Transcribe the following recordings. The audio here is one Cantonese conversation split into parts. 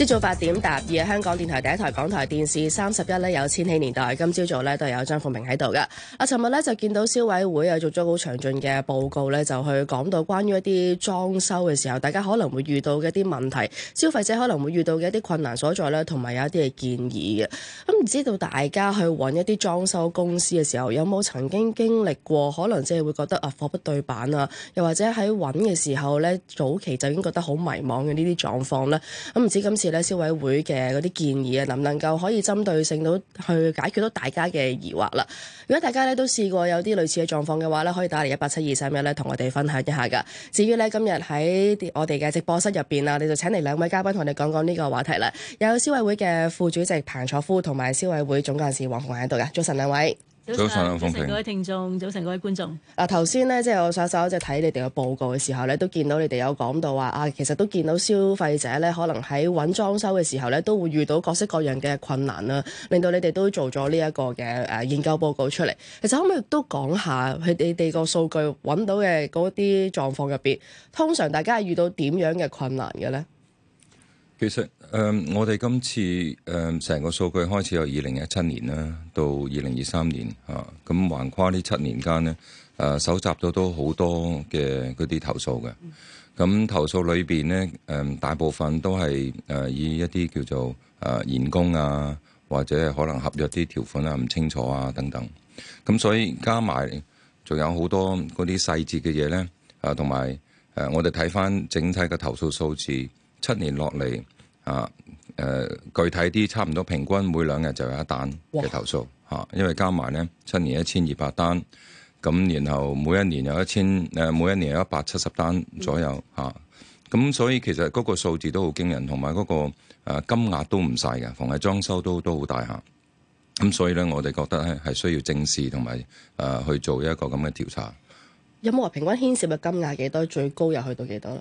朝早八點答二啊！香港電台第一台港台電視三十一咧有千禧年代，今朝早咧都有張鳳明喺度嘅。啊，尋日咧就見到消委會又做咗好詳盡嘅報告咧，就去講到關於一啲裝修嘅時候，大家可能會遇到嘅一啲問題，消費者可能會遇到嘅一啲困難所在咧，同埋有一啲嘅建議嘅。咁唔知道大家去揾一啲裝修公司嘅時候，有冇曾經經歷過可能即係會覺得啊貨不對板啊，又或者喺揾嘅時候咧，早期就已經覺得好迷茫嘅呢啲狀況呢？咁唔知今次，咧消委會嘅嗰啲建議啊，能唔能夠可以針對性到去解決到大家嘅疑惑啦？如果大家咧都試過有啲類似嘅狀況嘅話咧，可以打嚟一八七二三一咧，同我哋分享一下噶。至於咧今日喺我哋嘅直播室入邊啊，我就請嚟兩位嘉賓同我哋講講呢個話題啦。有消委會嘅副主席彭楚夫同埋消委會總幹事黃鳳嫺喺度噶，早晨兩位。早晨上，各位聽眾，早晨，各位觀眾。嗱、啊，頭先咧，即係我上一手就睇你哋嘅報告嘅時候咧，都見到你哋有講到話啊，其實都見到消費者咧，可能喺揾裝修嘅時候咧，都會遇到各式各樣嘅困難啦，令到你哋都做咗呢一個嘅誒、啊、研究報告出嚟。其實可唔可以都講下你哋個數據揾到嘅嗰啲狀況入邊，通常大家係遇到點樣嘅困難嘅咧？其實誒、嗯，我哋今次誒成、嗯、個數據開始由二零一七年啦，到二零二三年吓，咁橫跨呢七年間呢，誒搜集到都好多嘅嗰啲投訴嘅。咁投訴裏邊呢，誒大部分都係誒、啊、以一啲叫做誒員、啊、工啊，或者可能合約啲條款啊唔清楚啊等等。咁、啊、所以加埋仲有好多嗰啲細節嘅嘢呢，啊同埋誒我哋睇返整體嘅投訴數字。七年落嚟啊，誒、呃、具體啲差唔多平均每兩日就有一單嘅投訴嚇哇、啊，因為加埋咧七年一千二百單，咁然後每一年有一千誒，每一年有一百七十單左右嚇，咁、嗯啊、所以其實嗰個數字都好驚人，同埋嗰個金額都唔細嘅，逢係裝修都都好大嚇。咁、啊、所以咧，我哋覺得咧係需要正視同埋誒去做一個咁嘅調查。有冇話平均牽涉嘅金額幾多？最高又去到幾多咧？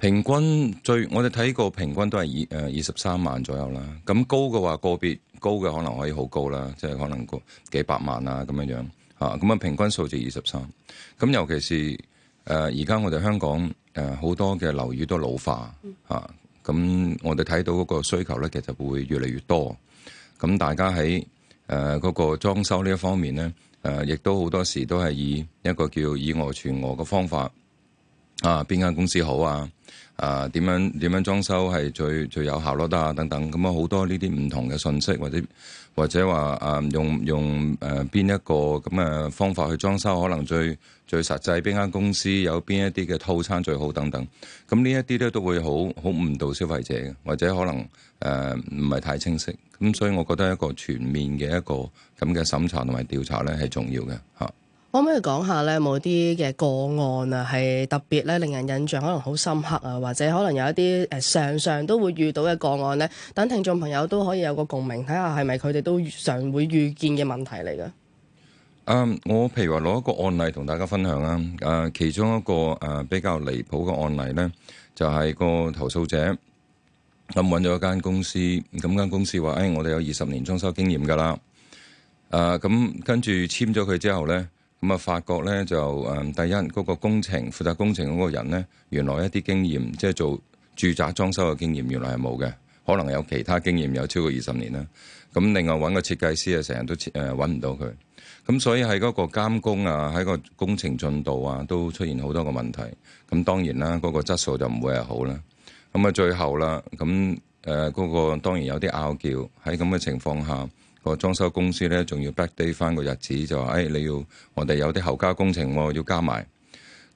平均最我哋睇過平均都係二誒二十三萬左右啦。咁高嘅話個別高嘅可能可以好高啦，即係可能個幾百萬啊咁樣樣嚇。咁啊平均數字二十三。咁尤其是誒而家我哋香港誒好、呃、多嘅樓宇都老化啊，咁我哋睇到嗰個需求咧其實會越嚟越多。咁大家喺誒嗰個裝修呢一方面咧，誒、呃、亦都好多時都係以一個叫以訛傳訛嘅方法。啊！邊間公司好啊？啊點樣點樣裝修係最最有效咯，啊？得啊等等咁啊，好多呢啲唔同嘅信息，或者或者話啊用用誒邊一個咁嘅方法去裝修，可能最最實際邊間公司有邊一啲嘅套餐最好等等。咁呢一啲咧都會好好誤導消費者嘅，或者可能誒唔係太清晰。咁、啊、所以，我覺得一個全面嘅一個咁嘅審查同埋調查咧係重要嘅嚇。啊可唔可以講下咧？有冇啲嘅個案啊，係特別咧令人印象可能好深刻啊，或者可能有一啲誒常常都會遇到嘅個案咧，等聽眾朋友都可以有個共鳴，睇下係咪佢哋都常會遇見嘅問題嚟㗎。誒，我譬如話攞一個案例同大家分享啦。誒，其中一個誒比較離譜嘅案例咧，就係個投訴者咁搵咗一間公司，咁間公司話：誒，我哋有二十年裝修經驗噶啦。誒，咁跟住簽咗佢之後咧。咁啊，發覺咧就誒，第一嗰個工程負責工程嗰個人呢，原來一啲經驗，即係做住宅裝修嘅經驗原來係冇嘅，可能有其他經驗有超過二十年啦。咁另外揾個設計師啊，成日都揾唔到佢。咁所以喺嗰個監工啊，喺個工程進度啊，都出現好多個問題。咁當然啦，嗰個質素就唔會係好啦。咁啊，最後啦，咁誒嗰個當然有啲拗撬喺咁嘅情況下。個裝修公司咧，仲要 back day 翻個日子，就話，誒、哎，你要我哋有啲後加工程喎、哦，要加埋。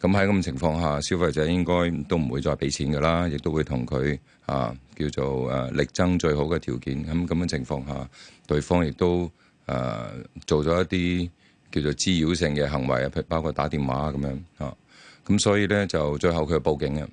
咁喺咁嘅情況下，消費者應該都唔會再俾錢噶啦，亦都會同佢啊叫做誒、啊、力爭最好嘅條件。咁咁嘅情況下，對方亦都誒、啊、做咗一啲叫做滋擾性嘅行為啊，包括打電話咁樣啊。咁所以咧，就最後佢報警啊。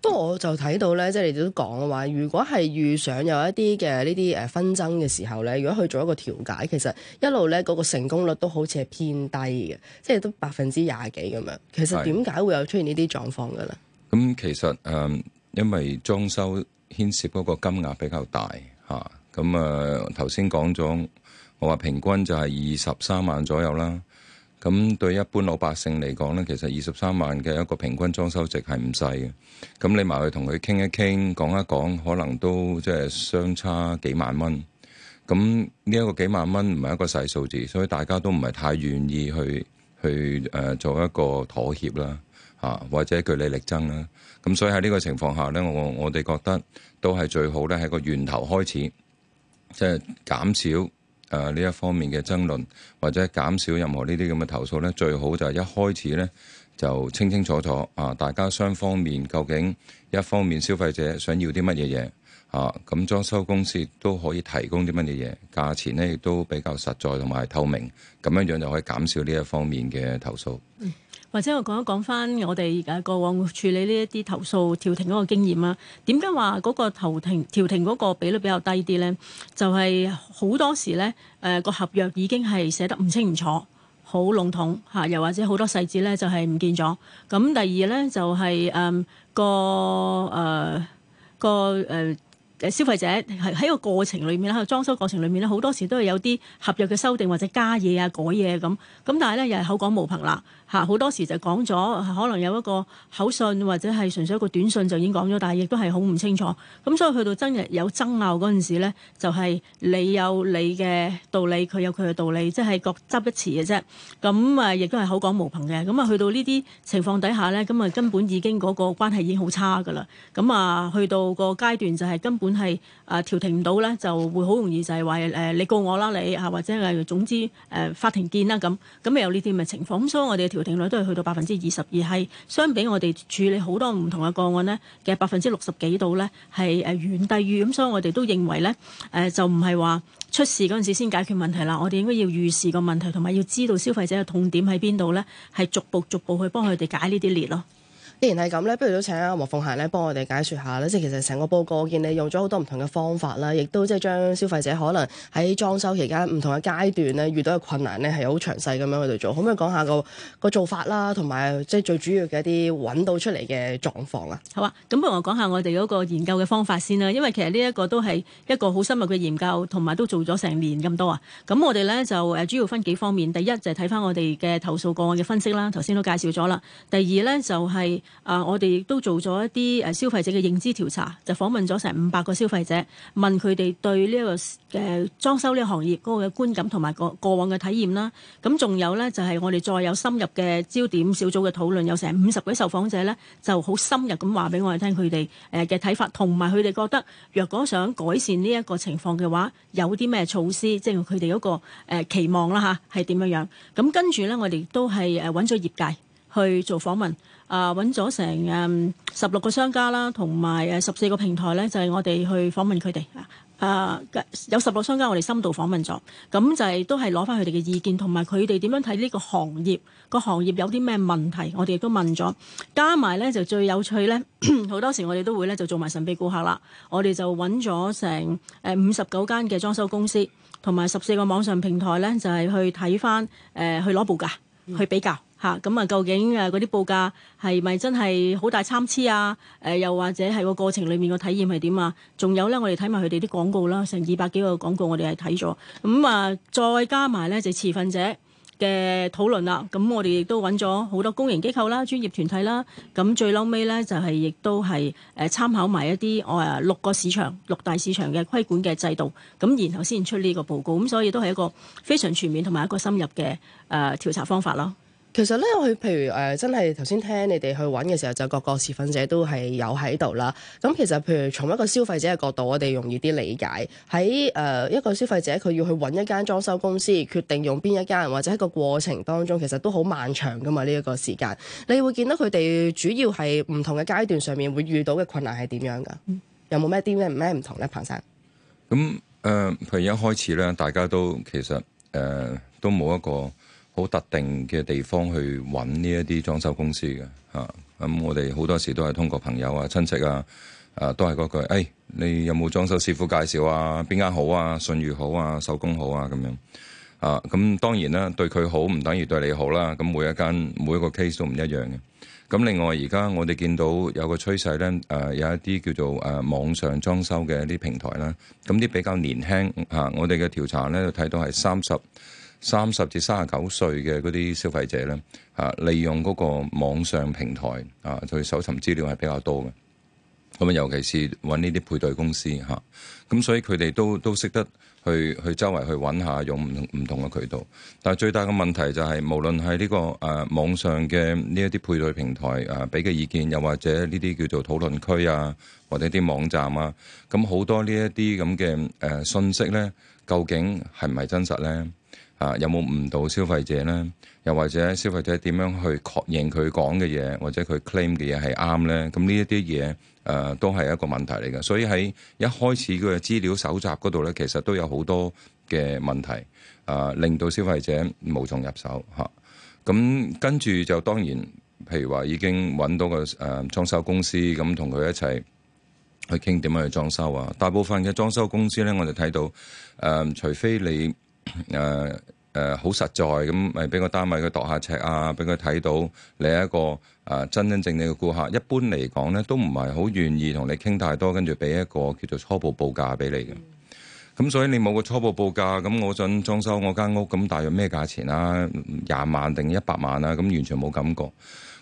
不過我就睇到咧，即係你都講嘅話，如果係遇上有一啲嘅呢啲誒紛爭嘅時候咧，如果去做一個調解，其實一路咧嗰個成功率都好似係偏低嘅，即係都百分之廿幾咁樣。其實點解會有出現呢啲狀況嘅咧？咁其實誒、呃，因為裝修牽涉嗰個金額比較大吓咁啊，頭先講咗，我話平均就係二十三萬左右啦。咁對一般老百姓嚟講呢，其實二十三萬嘅一個平均裝修值係唔細嘅。咁你埋去同佢傾一傾、講一講，可能都即係相差幾萬蚊。咁呢一個幾萬蚊唔係一個細數字，所以大家都唔係太願意去去誒、呃、做一個妥協啦，嚇或者據理力爭啦。咁所以喺呢個情況下呢，我我哋覺得都係最好呢，喺個源頭開始，即係減少。誒呢、啊、一方面嘅爭論，或者減少任何呢啲咁嘅投訴呢，最好就係一開始呢，就清清楚楚啊！大家雙方面究竟一方面消費者想要啲乜嘢嘢啊？咁、嗯、裝修公司都可以提供啲乜嘢嘢，價錢呢亦都比較實在同埋透明，咁樣樣就可以減少呢一方面嘅投訴。嗯或者我講一講翻我哋而家過往處理呢一啲投訴調停嗰個經驗啦。點解話嗰個投停調停嗰個比率比較低啲呢？就係、是、好多時呢誒個合約已經係寫得唔清唔楚，好籠統嚇、啊，又或者好多細節呢就係、是、唔見咗。咁、嗯、第二呢，就係、是、誒、嗯、個誒、呃、個誒、呃、消費者係喺個過程裏面啦，喺裝修過程裏面呢，好多時都係有啲合約嘅修訂或者加嘢啊、改嘢咁咁，但係呢，又係口講無憑啦。嚇好多時就講咗，可能有一個口信或者係純粹一個短信就已經講咗，但係亦都係好唔清楚。咁所以去到真係有爭拗嗰陣時呢，就係、是、你有你嘅道理，佢有佢嘅道理，即、就、係、是、各執一詞嘅啫。咁啊，亦都係口講無憑嘅。咁啊，去到呢啲情況底下呢，咁啊，根本已經嗰個關係已經好差㗎啦。咁啊，去到個階段就係根本係啊調停唔到呢，就會好容易就係話誒你告我啦，你、啊、或者係總之誒、啊、法庭見啦咁。咁啊有呢啲咪情況，咁所以我哋。條定率都係去到百分之二十二，係相比我哋處理好多唔同嘅個案呢嘅百分之六十幾度呢係誒遠低於，咁所以我哋都認為呢，誒、呃、就唔係話出事嗰陣時先解決問題啦，我哋應該要預示個問題，同埋要知道消費者嘅痛點喺邊度呢，係逐步逐步去幫佢哋解呢啲裂咯。既然係咁咧，不如都請阿黃鳳嫺咧幫我哋解説下啦。即係其實成個報告，我見你用咗好多唔同嘅方法啦，亦都即係將消費者可能喺裝修期間唔同嘅階段咧遇到嘅困難咧係好詳細咁樣去度做。可唔可以講下個個做法啦，同埋即係最主要嘅一啲揾到出嚟嘅狀況啊？好啊，咁不如我講下我哋嗰個研究嘅方法先啦。因為其實呢一個都係一個好深入嘅研究，同埋都做咗成年咁多啊。咁我哋咧就誒主要分幾方面。第一就係睇翻我哋嘅投訴個案嘅分析啦，頭先都介紹咗啦。第二咧就係、是。啊！我哋亦都做咗一啲誒消費者嘅認知調查，就訪問咗成五百個消費者，問佢哋對呢、這、一個誒、呃、裝修呢個行業嗰個嘅觀感同埋過過往嘅體驗啦。咁、啊、仲有呢，就係、是、我哋再有深入嘅焦點小組嘅討論，有成五十位受訪者呢就好深入咁話俾我哋聽佢哋誒嘅睇法，同埋佢哋覺得若果想改善呢一個情況嘅話，有啲咩措施，即係佢哋嗰個、呃、期望啦嚇，係、啊、點樣樣咁、啊？跟住呢，我哋亦都係揾咗業界去做訪問。啊，揾咗成十六個商家啦，同埋誒十四個平台呢，就係、是、我哋去訪問佢哋。啊，有十六商家我哋深度訪問咗，咁就係都係攞翻佢哋嘅意見，同埋佢哋點樣睇呢個行業，個行業有啲咩問題，我哋亦都問咗。加埋呢，就最有趣呢，好多時我哋都會呢，就做埋神秘顧客啦。我哋就揾咗成五十九間嘅裝修公司，同埋十四個網上平台呢，就係、是、去睇翻誒去攞報價去比較。嗯嚇咁啊！究竟誒嗰啲報價係咪真係好大參差啊？誒、呃、又或者係個過程裡面個體驗係點啊？仲有呢，我哋睇埋佢哋啲廣告啦，成二百幾個廣告我哋係睇咗。咁、嗯、啊，再加埋呢，就是、持份者嘅討論啦。咁、嗯、我哋亦都揾咗好多公營機構啦、專業團體啦。咁、嗯、最撈尾呢，就係、是、亦都係誒參考埋一啲我誒六個市場、六大市場嘅規管嘅制度。咁、嗯、然後先出呢個報告。咁、嗯、所以都係一個非常全面同埋一個深入嘅誒、呃、調查方法咯。其實咧，佢譬如誒、呃，真係頭先聽你哋去揾嘅時候，就各個持份者都係有喺度啦。咁、嗯、其實，譬如從一個消費者嘅角度，我哋容易啲理解喺誒、呃、一個消費者，佢要去揾一間裝修公司，決定用邊一間，或者一個過程當中，其實都好漫長噶嘛。呢、這、一個時間，你會見到佢哋主要係唔同嘅階段上面會遇到嘅困難係點樣噶？有冇咩啲咩咩唔同咧，彭生？咁誒，譬、呃、如一開始咧，大家都其實誒、呃、都冇一個。好特定嘅地方去揾呢一啲裝修公司嘅吓，咁、啊嗯、我哋好多時都係通過朋友啊、親戚啊，啊都係嗰句，誒、哎，你有冇裝修師傅介紹啊？邊間好啊？信譽好啊？手工好啊？咁樣啊？咁、嗯、當然啦，對佢好唔等於對你好啦。咁、啊、每一間每一個 case 都唔一樣嘅。咁、啊、另外而家我哋見到有個趨勢咧，誒、啊、有一啲叫做誒、啊、網上裝修嘅一啲平台啦。咁、啊、啲、嗯、比較年輕嚇、啊，我哋嘅調查咧就睇到係三十。三十至三十九歲嘅嗰啲消費者咧，啊，利用嗰個網上平台啊，去搜尋資料係比較多嘅。咁啊，尤其是揾呢啲配對公司嚇，咁所以佢哋都都識得去去周圍去揾下用唔同，用唔唔同嘅渠道。但係最大嘅問題就係，無論係呢個誒網上嘅呢一啲配對平台啊，俾嘅意見，又或者呢啲叫做討論區啊，或者啲網站啊，咁好多呢一啲咁嘅誒訊息咧，究竟係唔係真實咧？啊，有冇誤導消費者呢？又或者消費者點樣去確認佢講嘅嘢，或者佢 claim 嘅嘢係啱呢？咁呢一啲嘢，誒、呃、都係一個問題嚟嘅。所以喺一開始佢嘅資料搜集嗰度呢，其實都有好多嘅問題，啊、呃，令到消費者無從入手嚇。咁、啊、跟住就當然，譬如話已經揾到個誒、呃、裝修公司，咁同佢一齊去傾點樣去裝修啊。大部分嘅裝修公司呢，我哋睇到誒、呃，除非你。誒誒，好、呃呃呃、實在咁，咪俾個單位佢度下尺啊，俾佢睇到你係一個誒真真正正嘅顧客。一般嚟講呢，都唔係好願意同你傾太多，跟住俾一個叫做初步報價俾你嘅。咁、嗯、所以你冇個初步報價，咁我想裝修我間屋，咁大約咩價錢啊？廿萬定一百萬啊？咁完全冇感覺。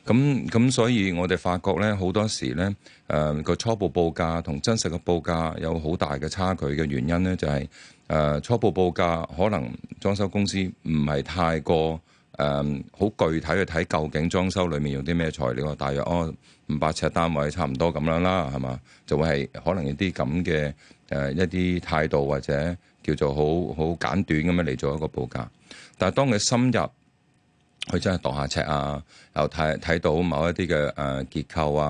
咁咁，所以我哋發覺咧，好多時咧，誒、呃、個初步報價同真實嘅報價有好大嘅差距嘅原因咧、就係，就係誒初步報價可能裝修公司唔係太過誒好、呃、具體去睇究竟裝修裡面用啲咩材料啊，大約哦五百尺單位差唔多咁樣啦，係嘛，就會係可能有啲咁嘅誒一啲、呃、態度或者叫做好好簡短咁樣嚟做一個報價，但係當佢深入。佢真係度下尺啊，又睇睇到某一啲嘅誒結構啊，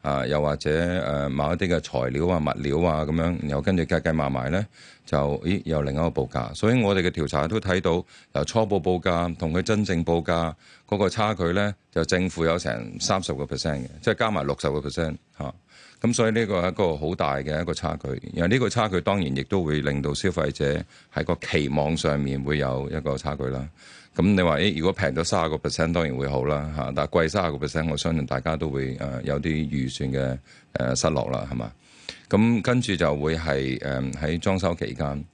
啊、呃、又或者誒、呃、某一啲嘅材料啊、物料啊咁樣，然後跟住計計埋埋咧，就咦又有另一個報價。所以我哋嘅調查都睇到，由初步報價同佢真正報價嗰個差距咧，就正負有成三十個 percent 嘅，即係加埋六十個 percent 嚇。啊。咁、嗯、所以呢個係一個好大嘅一個差距，因為呢個差距當然亦都會令到消費者喺個期望上面會有一個差距啦。咁、嗯、你話誒、欸，如果平咗三十個 percent 當然會好啦嚇、嗯，但貴三十個 percent，我相信大家都會誒、呃、有啲預算嘅誒、呃、失落啦，係嘛？咁跟住就會係誒喺裝修期間，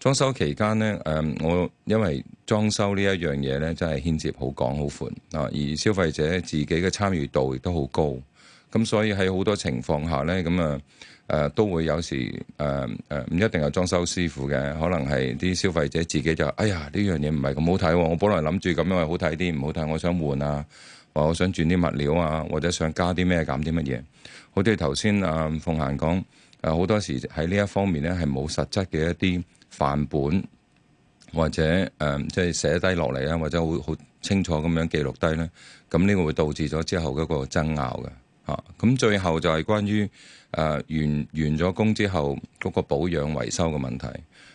裝修期間咧誒、呃，我因為裝修呢一樣嘢咧，真係牽涉好廣好闊啊，而消費者自己嘅參與度亦都好高。咁、嗯、所以喺好多情況下呢，咁啊，誒、呃、都會有時誒誒唔一定係裝修師傅嘅，可能係啲消費者自己就，哎呀呢樣嘢唔係咁好睇、哦，我本來諗住咁樣係好睇啲，唔好睇我想換啊，話我想轉啲、啊、物料啊，或者想加啲咩減啲乜嘢，好似頭先啊鳳嫺講，誒、呃、好、呃、多時喺呢一方面呢，係冇實質嘅一啲範本或者誒即係寫低落嚟啊，或者好好、呃就是、清楚咁樣記錄低呢。咁呢個會導致咗之後一個爭拗嘅。啊！咁、嗯、最後就係關於誒、呃、完完咗工之後嗰個保養維修嘅問題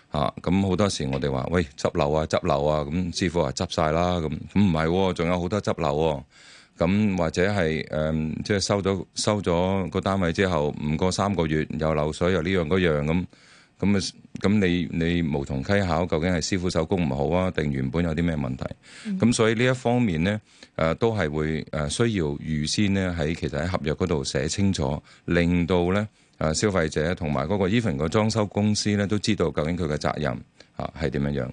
啊！咁、嗯、好多時我哋話喂，執漏啊執漏啊！咁、啊嗯、師傅話執晒啦咁，唔、嗯、係，仲、嗯哦、有好多執漏、啊。咁、嗯、或者係誒，即、嗯、係、就係、收咗收咗個單位之後，唔過三個月又漏水又呢樣嗰樣咁。嗯咁啊，咁你你無從稽考，究竟係師傅手工唔好啊，定原本有啲咩問題？咁、嗯、所以呢一方面呢，誒、啊、都係會誒需要預先呢，喺其實喺合約嗰度寫清楚，令到呢啊消費者同埋嗰個 even 個裝修公司呢，都知道究竟佢嘅責任啊係點樣樣。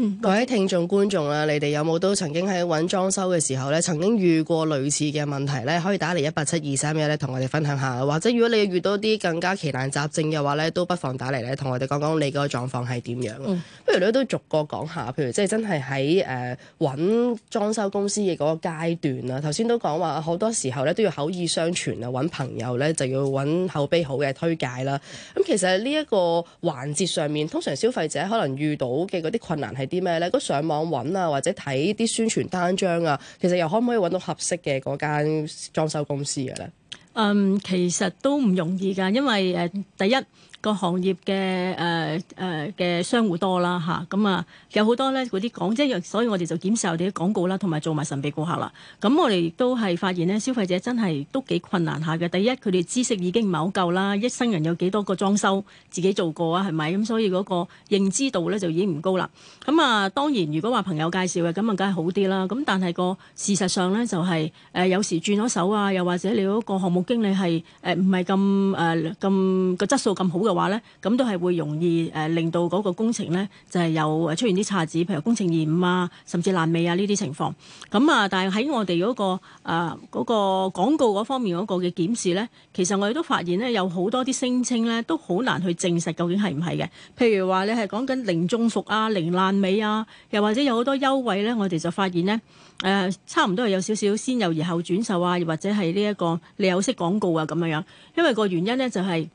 嗯嗯、各位聽眾觀眾啦，你哋有冇都曾經喺揾裝修嘅時候咧，曾經遇過類似嘅問題咧？可以打嚟一八七二三一咧，同我哋分享下。或者如果你遇到啲更加奇難雜症嘅話咧，都不妨打嚟咧，同我哋講講你嗰個狀況係點樣。嗯、不如你都逐個講下，譬如即係真係喺誒揾裝修公司嘅嗰個階段啦。頭先都講話好多時候咧都要口耳相傳啊，揾朋友咧就要揾口碑好嘅推介啦。咁其實呢一個環節上面，通常消費者可能遇到嘅嗰啲困難係啲咩咧？都上網揾啊，或者睇啲宣傳單張啊，其實又可唔可以揾到合適嘅嗰間裝修公司嘅咧？嗯，其實都唔容易㗎，因為誒、呃、第一。個行業嘅誒誒嘅商戶多啦嚇，咁啊、嗯、有好多咧嗰啲廣，即所以我哋就檢視我哋啲廣告啦，同埋做埋神秘顧客啦。咁、啊嗯、我哋亦都係發現咧，消費者真係都幾困難下嘅。第一，佢哋知識已經唔係好夠啦，一生人有幾多個裝修自己做過啊？係咪咁？所以嗰個認知度呢就已經唔高啦。咁、嗯、啊，當然如果話朋友介紹嘅咁啊，梗係好啲啦。咁但係個事實上呢，就係、是、誒、呃、有時轉咗手啊，又或者你嗰個項目經理係誒唔係咁誒咁個質素咁好嘅。嘅話咧，咁都係會容易誒、呃，令到嗰個工程呢，就係、是、有出現啲岔子，譬如工程延誤啊，甚至爛尾啊呢啲情況。咁啊，但係喺我哋嗰、那個誒嗰、呃那個、廣告嗰方面嗰個嘅檢視呢，其實我哋都發現呢，有好多啲聲稱呢，都好難去證實究竟係唔係嘅。譬如話你係講緊零中伏啊，零爛尾啊，又或者有好多優惠呢，我哋就發現呢，誒、呃、差唔多係有少少先誘而後轉售啊，又或者係呢一個餌誘式廣告啊咁樣樣。因為個原因呢，就係、是。就是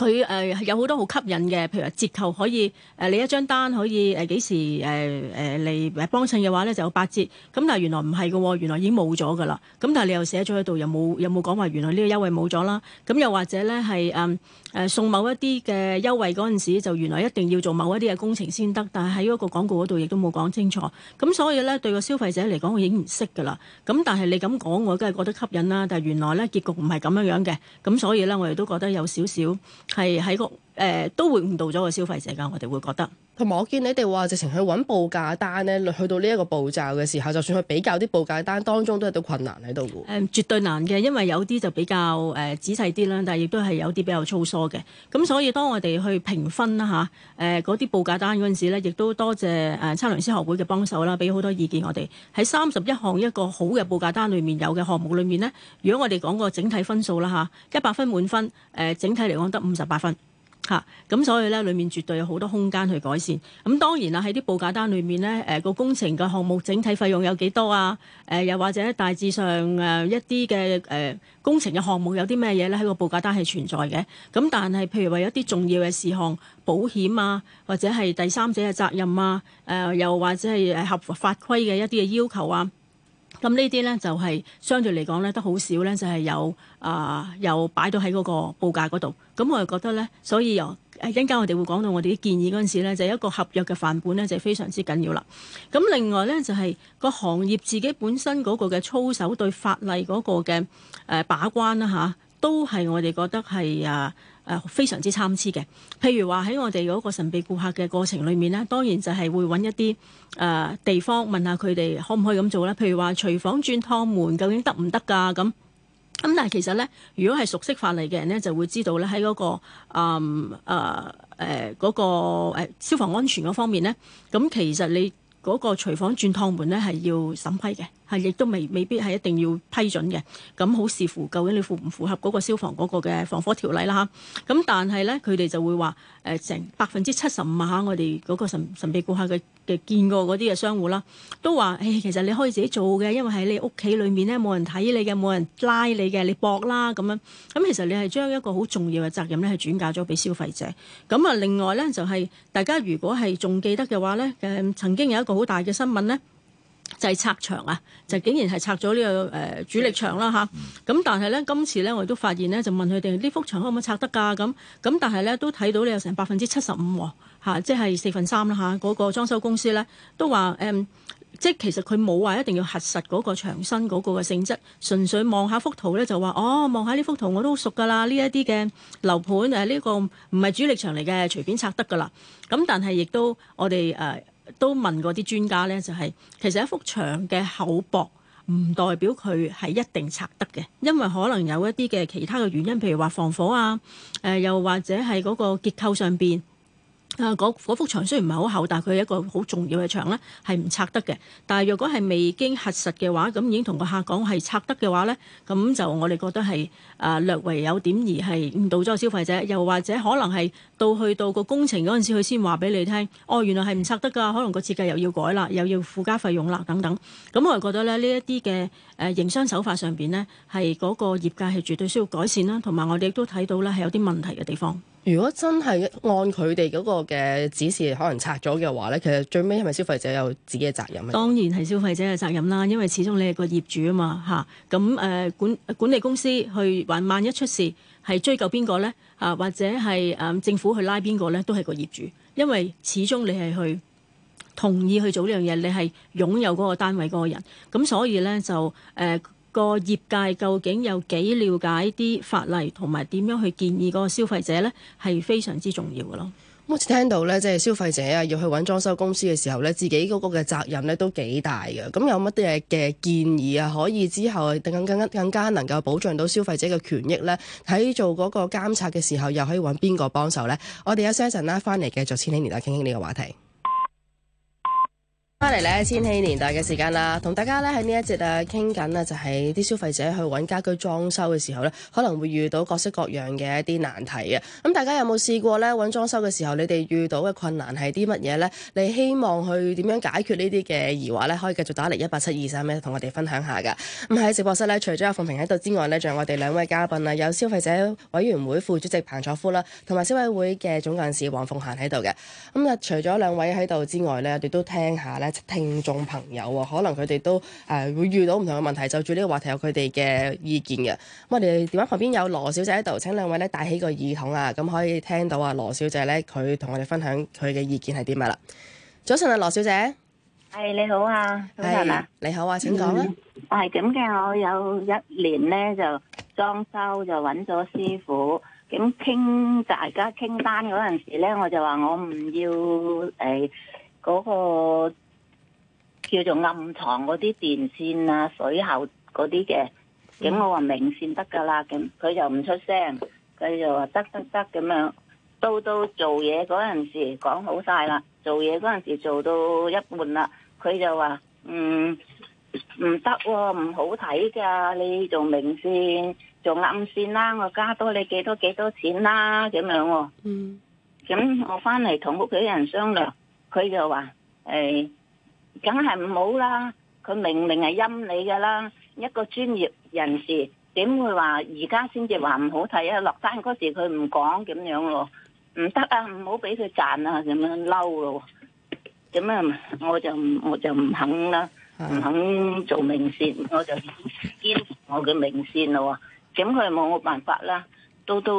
佢誒、呃、有好多好吸引嘅，譬如話折扣可以誒、呃，你一張單可以誒幾、呃、時誒誒嚟幫襯嘅話咧就有八折。咁但係原來唔係嘅喎，原來已經冇咗㗎啦。咁但係你又寫咗喺度，又冇又冇講話原來呢個優惠冇咗啦。咁又或者咧係嗯。誒、呃、送某一啲嘅優惠嗰陣時，就原來一定要做某一啲嘅工程先得，但係喺嗰個廣告嗰度亦都冇講清楚，咁所以呢，對個消費者嚟講，我已經唔識㗎啦。咁但係你咁講，我梗係覺得吸引啦。但係原來呢，結局唔係咁樣樣嘅，咁所以呢，我哋都覺得有少少係喺個誒、呃、都會誤導咗個消費者㗎，我哋會覺得。同埋我見你哋話直情去揾報價單呢，去到呢一個步驟嘅時候，就算去比較啲報價單當中，都有啲困難喺度嘅。誒、呃，絕對難嘅，因為有啲就比較誒、呃、仔細啲啦，但係亦都係有啲比較粗疏嘅。咁所以當我哋去評分啦嚇，誒嗰啲報價單嗰陣時咧，亦都多謝誒測量師學會嘅幫手啦，俾好多意見我哋喺三十一項一個好嘅報價單裡面有嘅項目裡面呢，如果我哋講個整體分數啦嚇，一、啊、百分滿分，誒、呃、整體嚟講得五十八分。嚇！咁、啊嗯、所以呢，裡面絕對有好多空間去改善。咁、嗯、當然啦，喺啲報價單裡面呢，誒、呃、個工程嘅項目整體費用有幾多啊？誒、呃、又或者大致上誒、呃、一啲嘅誒工程嘅項目有啲咩嘢呢？喺、這個報價單係存在嘅。咁、嗯、但係譬如話一啲重要嘅事項，保險啊，或者係第三者嘅責任啊，誒、呃、又或者係合法規嘅一啲嘅要求啊。咁呢啲呢，就係、是、相對嚟講呢，都好少呢，就係、是、有啊，有擺到喺嗰個報價嗰度。咁我就覺得呢，所以由一陣間我哋會講到我哋啲建議嗰陣時呢，就係、是、一個合約嘅範本呢，就係、是、非常之緊要啦。咁另外呢，就係、是、個行業自己本身嗰個嘅操守對法例嗰個嘅誒、啊、把關啦嚇、啊，都係我哋覺得係啊。誒，非常之參差嘅，譬如話喺我哋嗰個神秘顧客嘅過程裏面咧，當然就係會揾一啲誒、呃、地方問下佢哋可唔可以咁做咧？譬如話廚房轉趟門究竟得唔得㗎？咁咁，但係其實呢，如果係熟悉法例嘅人呢，就會知道呢、嗰個，喺、嗯、嗰、呃呃呃嗰個嗯誒誒嗰個消防安全嗰方面呢，咁其實你嗰個廚房轉趟門呢，係要審批嘅。係，亦都未未必係一定要批准嘅。咁好視乎究竟你符唔符合嗰個消防嗰個嘅防火條例啦嚇。咁、啊、但係呢，佢哋就會話誒，成百分之七十五下我哋嗰個神神秘顧客嘅嘅見過嗰啲嘅商戶啦，都話誒、哎，其實你可以自己做嘅，因為喺你屋企裏面呢，冇人睇你嘅，冇人拉你嘅，你搏啦咁樣。咁、啊、其實你係將一個好重要嘅責任呢，係轉嫁咗俾消費者。咁啊，另外呢，就係、是、大家如果係仲記得嘅話呢、嗯，曾經有一個好大嘅新聞呢。就係拆牆啊！就竟然係拆咗呢、這個誒、呃、主力牆啦嚇。咁、啊、但係呢，今次呢，我亦都發現呢，就問佢哋呢幅牆可唔可以拆得㗎咁。咁但係呢，都睇到你有成百分之七十五喎、哦、嚇，即、啊、係、就是、四分三啦嚇。嗰、啊那個裝修公司呢，都話誒、嗯，即係其實佢冇話一定要核實嗰個牆身嗰個嘅性質，純粹望下幅圖呢，就話哦，望下呢幅圖我都好熟㗎啦。呢一啲嘅樓盤誒呢個唔係主力牆嚟嘅，隨便拆得㗎啦。咁、啊、但係亦都我哋誒。啊啊啊都問過啲專家咧，就係其實一幅牆嘅厚薄唔代表佢係一定拆得嘅，因為可能有一啲嘅其他嘅原因，譬如話防火啊，誒又或者係個結構上邊。嗰幅牆雖然唔係好厚，但係佢係一個好重要嘅牆呢，係唔拆得嘅。但係若果係未經核實嘅話，咁已經同個客講係拆得嘅話呢，咁就我哋覺得係啊，略為有點而係誤導咗個消費者。又或者可能係到去到個工程嗰陣時，佢先話俾你聽，哦，原來係唔拆得㗎，可能個設計又要改啦，又要附加費用啦，等等。咁我哋覺得咧，呢一啲嘅誒營商手法上邊呢，係嗰個業界係絕對需要改善啦，同埋我哋亦都睇到呢係有啲問題嘅地方。如果真係按佢哋嗰個嘅指示可能拆咗嘅話呢，其實最尾係咪消費者有自己嘅責任呢？當然係消費者嘅責任啦，因為始終你係個業主啊嘛，嚇咁誒管管理公司去還萬一出事係追究邊個呢？啊，或者係誒、啊、政府去拉邊個呢？都係個業主，因為始終你係去同意去做呢樣嘢，你係擁有嗰個單位嗰個人，咁、啊、所以呢，就誒。啊個業界究竟有幾了解啲法例同埋點樣去建議個消費者呢？係非常之重要嘅咯。我次聽到呢，即係消費者啊，要去揾裝修公司嘅時候呢，自己嗰個嘅責任呢都幾大嘅。咁有乜嘢嘅建議啊？可以之後更更加更加能夠保障到消費者嘅權益呢？喺做嗰個監察嘅時候，又可以揾邊個幫手呢？我哋一陣咧翻嚟繼續千禧年代，傾傾呢個話題。翻嚟咧，千禧年代嘅時間啦，同大家咧喺呢一節啊傾緊啊，就係、是、啲消費者去揾家居裝修嘅時候咧，可能會遇到各式各樣嘅一啲難題嘅。咁、嗯、大家有冇試過咧揾裝修嘅時候，你哋遇到嘅困難係啲乜嘢呢？你希望去點樣解決呢啲嘅疑惑呢？可以繼續打嚟一八七二三一，同我哋分享下噶。咁、嗯、喺直播室咧，除咗阿鳳平喺度之外咧，仲有我哋兩位嘉賓啦，有消費者委員會副主席彭楚夫啦，同埋消委會嘅總幹事黃鳳嫻喺度嘅。咁、嗯、啊，除咗兩位喺度之外咧，我哋都聽下咧。聽眾朋友啊，可能佢哋都誒、呃、會遇到唔同嘅問題，就住呢個話題有佢哋嘅意見嘅。咁我哋電話旁邊有羅小姐喺度，請兩位咧戴起個耳筒啊，咁、嗯、可以聽到啊羅小姐咧，佢同我哋分享佢嘅意見係點啊啦。早晨啊，羅小姐，係、hey, 你好啊，早晨、hey, 你好啊，請講啦。係咁嘅，我有一年咧就裝修就揾咗師傅，咁傾大家傾單嗰陣時咧，我就話我唔要誒嗰、呃嗰個。叫做暗藏嗰啲電線啊、水喉嗰啲嘅，咁我話明線得噶啦，咁佢就唔出聲，佢就話得得得咁樣。到到做嘢嗰陣時講好晒啦，做嘢嗰陣時做到一半啦，佢就話嗯唔得喎，唔好睇噶，你做明線做暗線啦，我加多你幾多幾多錢啦，咁樣、哦。嗯，咁我翻嚟同屋企人商量，佢就話誒。欸梗係唔好啦，佢明明係陰你噶啦，一個專業人士點會話而家先至話唔好睇啊？落單嗰時佢唔講咁樣咯，唔得啊，唔好俾佢賺啊，咁樣嬲咯，咁啊我就我就唔肯啦，唔肯做明線，我就堅持我嘅明線咯，咁佢冇冇辦法啦，到到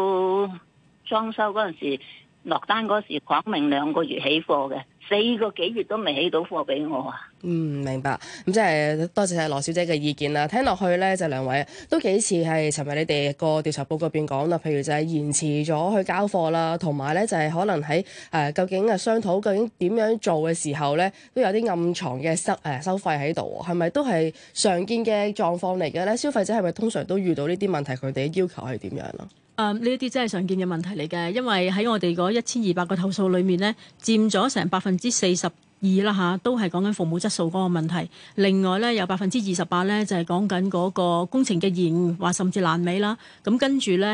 裝修嗰陣時。落單嗰時講明兩個月起貨嘅，四個幾月都未起到貨俾我啊！嗯，明白。咁即係多謝羅小姐嘅意見啦。聽落去咧，就兩位都幾似係，尋日你哋個調查報告入邊講啦。譬如就係延遲咗去交貨啦，同埋咧就係、是、可能喺誒、呃、究竟誒商討究竟點樣做嘅時候咧，都有啲暗藏嘅收誒、呃、收費喺度，係咪都係常見嘅狀況嚟嘅咧？消費者係咪通常都遇到呢啲問題？佢哋嘅要求係點樣咯？誒呢一啲真係常見嘅問題嚟嘅，因為喺我哋嗰一千二百個投訴裏面呢，佔咗成百分之四十。二啦吓，都係講緊服務質素嗰個問題。另外咧，有百分之二十八咧，就係講緊嗰個工程嘅延誤，或甚至爛尾啦。咁跟住咧，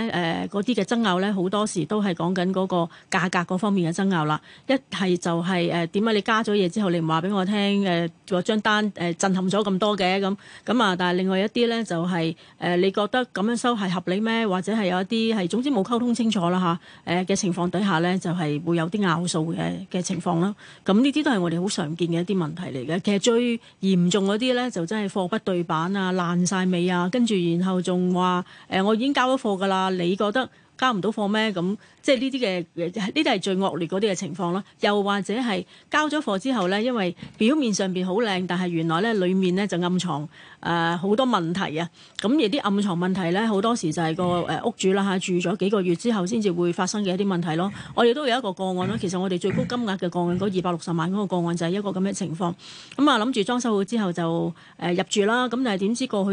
誒嗰啲嘅爭拗咧，好多時都係講緊嗰個價格嗰方面嘅爭拗啦。一係就係誒點解你加咗嘢之後，你唔話俾我聽誒做張單誒震撼咗咁多嘅咁咁啊！但係另外一啲咧就係、是、誒你覺得咁樣收係合理咩？或者係有一啲係總之冇溝通清楚啦吓誒嘅情況底下咧，就係、是、會有啲拗數嘅嘅情況啦。咁呢啲都係我哋，好常見嘅一啲問題嚟嘅。其實最嚴重嗰啲呢，就真係貨不對板啊，爛晒尾啊，跟住然後仲話誒，我已經交咗貨㗎啦，你覺得交唔到貨咩？咁即係呢啲嘅，呢啲係最惡劣嗰啲嘅情況咯。又或者係交咗貨之後呢，因為表面上邊好靚，但係原來呢裡面呢就暗藏誒好多問題啊。咁而啲暗藏問題呢，好多時就係個誒屋主啦吓住咗幾個月之後，先至會發生嘅一啲問題咯。我哋都有一個個案啦。其實我哋最高金額嘅個案，嗰二百六十萬嗰個個案就係一個咁嘅情況。咁啊諗住裝修好之後就誒入住啦。咁但係點知過去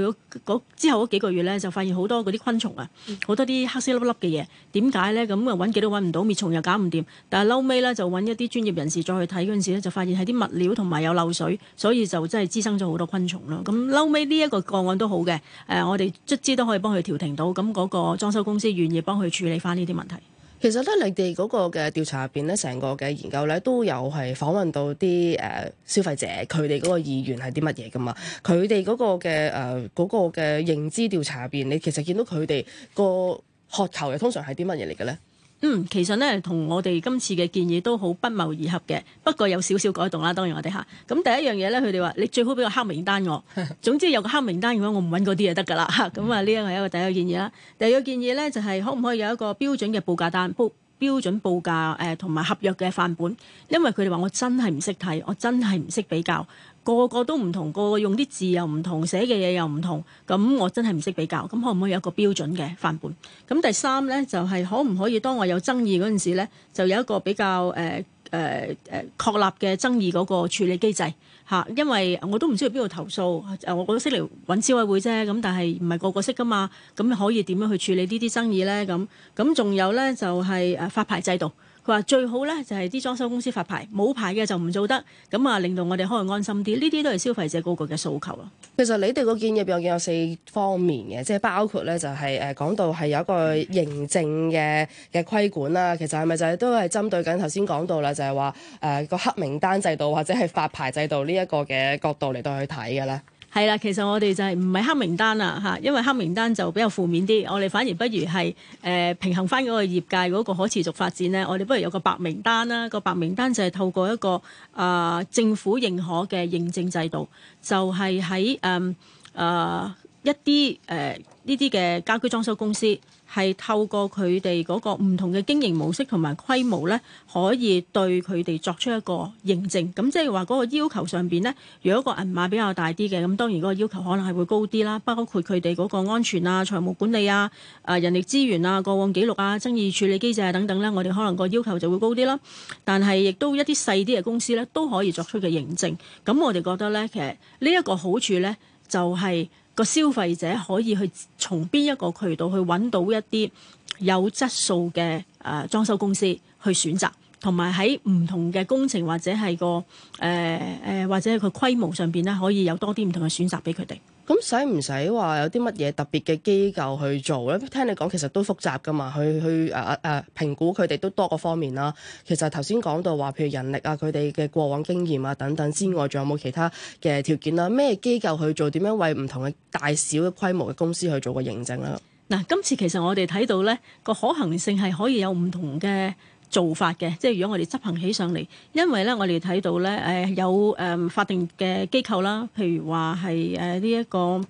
嗰之後嗰幾個月呢，就發現好多嗰啲昆蟲啊，好多啲黑色粒粒嘅嘢。點解呢？咁揾嘢都揾唔到，滅蟲又搞唔掂，但係嬲尾咧就揾一啲專業人士再去睇嗰陣時咧，就發現係啲物料同埋有漏水，所以就真係滋生咗好多昆蟲咯。咁嬲尾呢一個個案都好嘅，誒、呃，我哋卒之都可以幫佢調停到，咁嗰個裝修公司願意幫佢處理翻呢啲問題。其實咧，你哋嗰個嘅調查入邊呢，成個嘅研究呢，都有係訪問到啲誒、呃、消費者，佢哋嗰個意願係啲乜嘢噶嘛？佢哋嗰個嘅誒嗰個嘅認知調查入邊，你其實見到佢哋個渴求又通常係啲乜嘢嚟嘅呢？嗯，其實咧同我哋今次嘅建議都好不謀而合嘅，不過有少少改動啦。當然我哋嚇咁第一樣嘢咧，佢哋話你最好俾個黑名單我。總之有個黑名單嘅話，如果我唔揾嗰啲就得㗎啦。咁啊，呢一個係一個第一個建議啦。第二個建議咧就係、是、可唔可以有一個標準嘅報價單、標標準報價同埋、呃、合約嘅範本，因為佢哋話我真係唔識睇，我真係唔識比較。個個都唔同，個個用啲字又唔同，寫嘅嘢又唔同，咁我真係唔識比較，咁可唔可以有一個標準嘅範本？咁第三呢，就係、是、可唔可以當我有爭議嗰陣時呢，就有一個比較誒誒誒確立嘅爭議嗰個處理機制嚇、啊？因為我都唔知喺邊度投訴，我覺得識嚟揾消委會啫，咁但係唔係個個識噶嘛？咁可以點樣去處理呢啲爭議呢？咁咁仲有呢，就係、是、誒發牌制度。佢話最好咧就係啲裝修公司發牌，冇牌嘅就唔做得，咁啊令到我哋可能安心啲，呢啲都係消費者嗰個嘅訴求啦。其實你哋個建議入邊有四方面嘅，即係包括咧就係誒講到係有一個認證嘅嘅規管啦。其實係咪就係都係針對緊頭先講到啦，就係話誒個黑名單制度或者係發牌制度呢一個嘅角度嚟到去睇嘅咧？係啦，其實我哋就係唔係黑名單啦嚇，因為黑名單就比較負面啲，我哋反而不如係誒、呃、平衡返嗰個業界嗰個可持續發展咧，我哋不如有個白名單啦，個白名單就係透過一個啊、呃、政府認可嘅認證制度，就係喺誒誒一啲誒呢啲嘅家居裝修公司。係透過佢哋嗰個唔同嘅經營模式同埋規模呢，可以對佢哋作出一個認證。咁即係話嗰個要求上邊呢，如果個銀碼比較大啲嘅，咁當然個要求可能係會高啲啦。包括佢哋嗰個安全啊、財務管理啊、誒人力資源啊、過往記錄啊、爭議處理機制啊等等呢，我哋可能個要求就會高啲啦。但係亦都一啲細啲嘅公司呢，都可以作出嘅認證。咁我哋覺得呢，其實呢一個好處呢，就係、是。個消費者可以去從邊一個渠道去揾到一啲有質素嘅誒裝修公司去選擇，同埋喺唔同嘅工程或者係個誒誒、呃、或者係個規模上邊咧，可以有多啲唔同嘅選擇俾佢哋。咁使唔使話有啲乜嘢特別嘅機構去做咧？聽你講其實都複雜㗎嘛，去去誒誒、呃呃、評估佢哋都多個方面啦。其實頭先講到話，譬如人力啊，佢哋嘅過往經驗啊等等之外，仲有冇其他嘅條件啦、啊？咩機構去做？點樣為唔同嘅大小嘅規模嘅公司去做個認證啦、啊？嗱，今次其實我哋睇到呢個可行性係可以有唔同嘅做法嘅，即係如果我哋執行起上嚟，因為呢，我哋睇到呢，誒、呃、有誒、呃、法定嘅機構啦，譬如話係誒呢一個誒誒、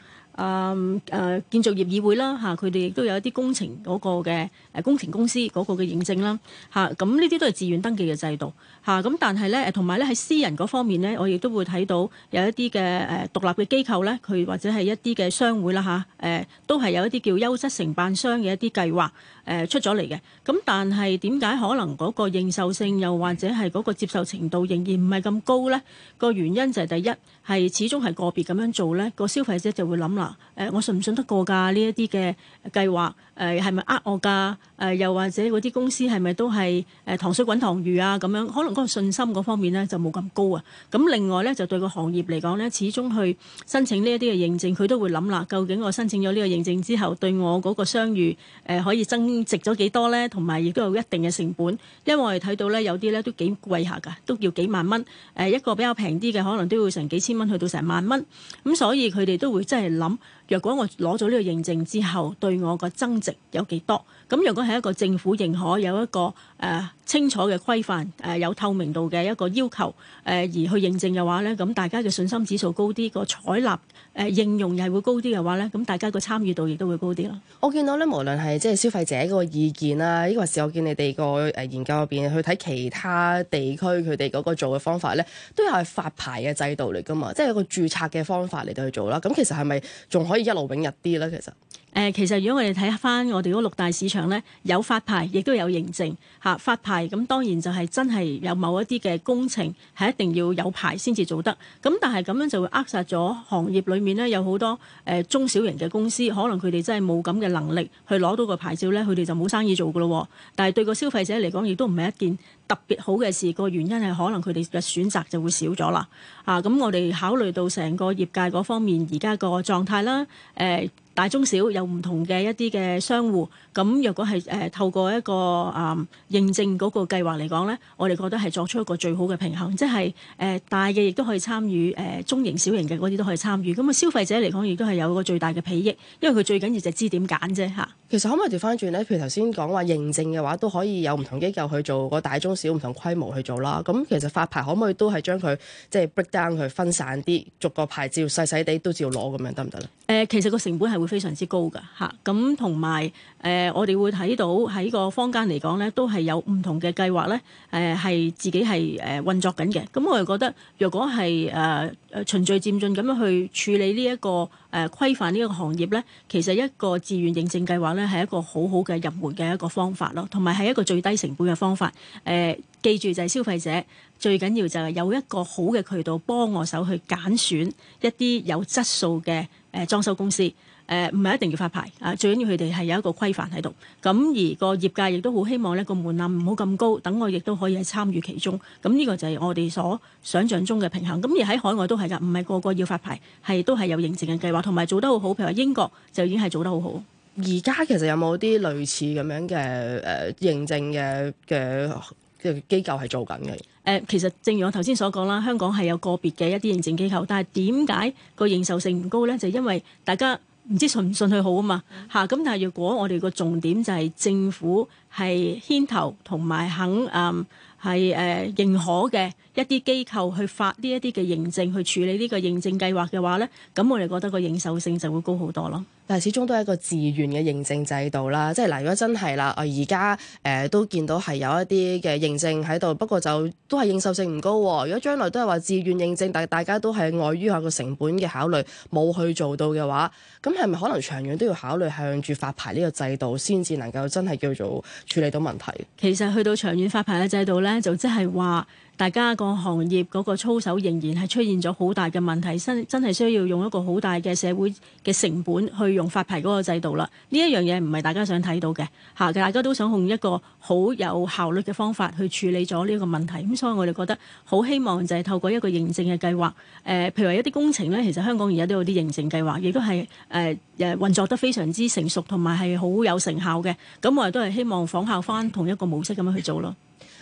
呃、建造業議會啦，嚇佢哋亦都有一啲工程嗰個嘅誒工程公司嗰個嘅認證啦，嚇咁呢啲都係自願登記嘅制度，嚇、啊、咁但係呢，同埋呢喺私人嗰方面呢，我亦都會睇到有一啲嘅誒獨立嘅機構呢，佢或者係一啲嘅商會啦嚇誒，都係有一啲叫優質承辦商嘅一啲計劃。誒出咗嚟嘅，咁但係點解可能嗰個認受性又或者係嗰個接受程度仍然唔係咁高呢？個原因就係第一係始終係個別咁樣做呢，個消費者就會諗啦，誒、啊、我信唔信得過㗎呢一啲嘅計劃？誒係咪呃我㗎？誒、呃、又或者嗰啲公司係咪都係誒、呃、糖水滾糖魚啊咁樣？可能嗰個信心嗰方面呢就冇咁高啊。咁另外呢，就對個行業嚟講呢，始終去申請呢一啲嘅認證，佢都會諗啦。究竟我申請咗呢個認證之後，對我嗰個商譽誒、呃、可以增值咗幾多呢？同埋亦都有一定嘅成本，因為我哋睇到呢，有啲呢都幾貴下㗎，都要幾萬蚊。誒、呃、一個比較平啲嘅，可能都要成幾千蚊，去到成萬蚊。咁所以佢哋都會真係諗。若果我攞咗呢個認證之後，對我嘅增值有幾多？咁若果係一個政府認可，有一個誒、呃清楚嘅規範，誒、呃、有透明度嘅一個要求，誒、呃、而去認證嘅話呢咁、呃、大家嘅信心指數高啲，個採納誒、呃、應用又係會高啲嘅話呢咁、呃、大家個參與度亦都會高啲咯。我見到呢，無論係即係消費者個意見啦，呢個時我見你哋個誒研究入邊去睇其他地區佢哋嗰個做嘅方法呢，都有係發牌嘅制度嚟㗎嘛，即係有一個註冊嘅方法嚟到去做啦。咁其實係咪仲可以一路永日啲呢？其實？誒、呃，其實如果我哋睇翻我哋嗰六大市場呢，有發牌，亦都有認證嚇發牌，咁、嗯、當然就係真係有某一啲嘅工程係一定要有牌先至做得。咁、嗯、但係咁樣就會扼殺咗行業裏面呢有好多誒、呃、中小型嘅公司，可能佢哋真係冇咁嘅能力去攞到個牌照呢，佢哋就冇生意做噶咯。但係對個消費者嚟講，亦都唔係一件特別好嘅事，個原因係可能佢哋嘅選擇就會少咗啦。啊，咁我哋考慮到成個業界嗰方面而家個狀態啦，誒、呃、大中小有唔同嘅一啲嘅商戶，咁、嗯、若果係誒、呃、透過一個誒、呃、認證嗰個計劃嚟講呢，我哋覺得係作出一個最好嘅平衡，即係誒、呃、大嘅亦都可以參與，誒、呃、中型、小型嘅嗰啲都可以參與。咁、嗯、啊，消費者嚟講亦都係有個最大嘅裨益，因為佢最緊要就係知點揀啫嚇。其實可唔可以調翻轉呢？譬如頭先講話認證嘅話，都可以有唔同機構去做個大中。少唔同規模去做啦，咁其實發牌可唔可以都係將佢即係 break down 佢分散啲，逐個牌照細細哋都照攞咁樣得唔得咧？誒，其實個成本係會非常之高㗎吓，咁同埋誒，我哋會睇到喺個坊間嚟講咧，都係有唔同嘅計劃咧，誒係自己係誒運作緊嘅。咁我又覺得，若果係誒循序漸進咁樣去處理呢一個誒規範呢一個行業咧，其實一個自願認證計劃咧係一個好好嘅入門嘅一個方法咯，同埋係一個最低成本嘅方法誒。記住就係消費者最緊要就係有一個好嘅渠道幫我手去揀選一啲有質素嘅誒、呃、裝修公司誒，呃、唔係一定要發牌啊！最緊要佢哋係有一個規範喺度。咁而個業界亦都好希望呢個門檻唔好咁高，等我亦都可以喺參與其中。咁呢個就係我哋所想象中嘅平衡。咁而喺海外都係噶，唔係個個要發牌，係都係有認證嘅計劃，同埋做得好好。譬如話英國就已經係做得好好。而家其實有冇啲類似咁樣嘅誒、呃、認證嘅嘅？即係機構係做緊嘅。誒，其實正如我頭先所講啦，香港係有個別嘅一啲認證機構，但係點解個認受性唔高呢？就因為大家唔知信唔信佢好啊嘛。嚇，咁但係如果我哋個重點就係政府係牽頭同埋肯誒係誒認可嘅，一啲機構去發呢一啲嘅認證，去處理呢個認證計劃嘅話呢，咁我哋覺得個認受性就會高好多咯。但係始終都係一個自願嘅認證制度啦。即係嗱，如果真係啦，我而家誒都見到係有一啲嘅認證喺度，不過就都係認受性唔高。如果將來都係話自願認證，但係大家都係礙於下個成本嘅考慮，冇去做到嘅話，咁係咪可能長遠都要考慮向住發牌呢個制度先至能夠真係叫做處理到問題？其實去到長遠發牌嘅制度呢，就即係話。大家個行業嗰個操守仍然係出現咗好大嘅問題，真真係需要用一個好大嘅社會嘅成本去用發牌嗰個制度啦。呢一樣嘢唔係大家想睇到嘅，嚇！大家都想用一個好有效率嘅方法去處理咗呢一個問題。咁所以我哋覺得好希望就係透過一個認證嘅計劃，誒、呃，譬如話一啲工程呢，其實香港而家都有啲認證計劃，亦都係誒、呃、運作得非常之成熟同埋係好有成效嘅。咁我哋都係希望仿效翻同一個模式咁樣去做咯。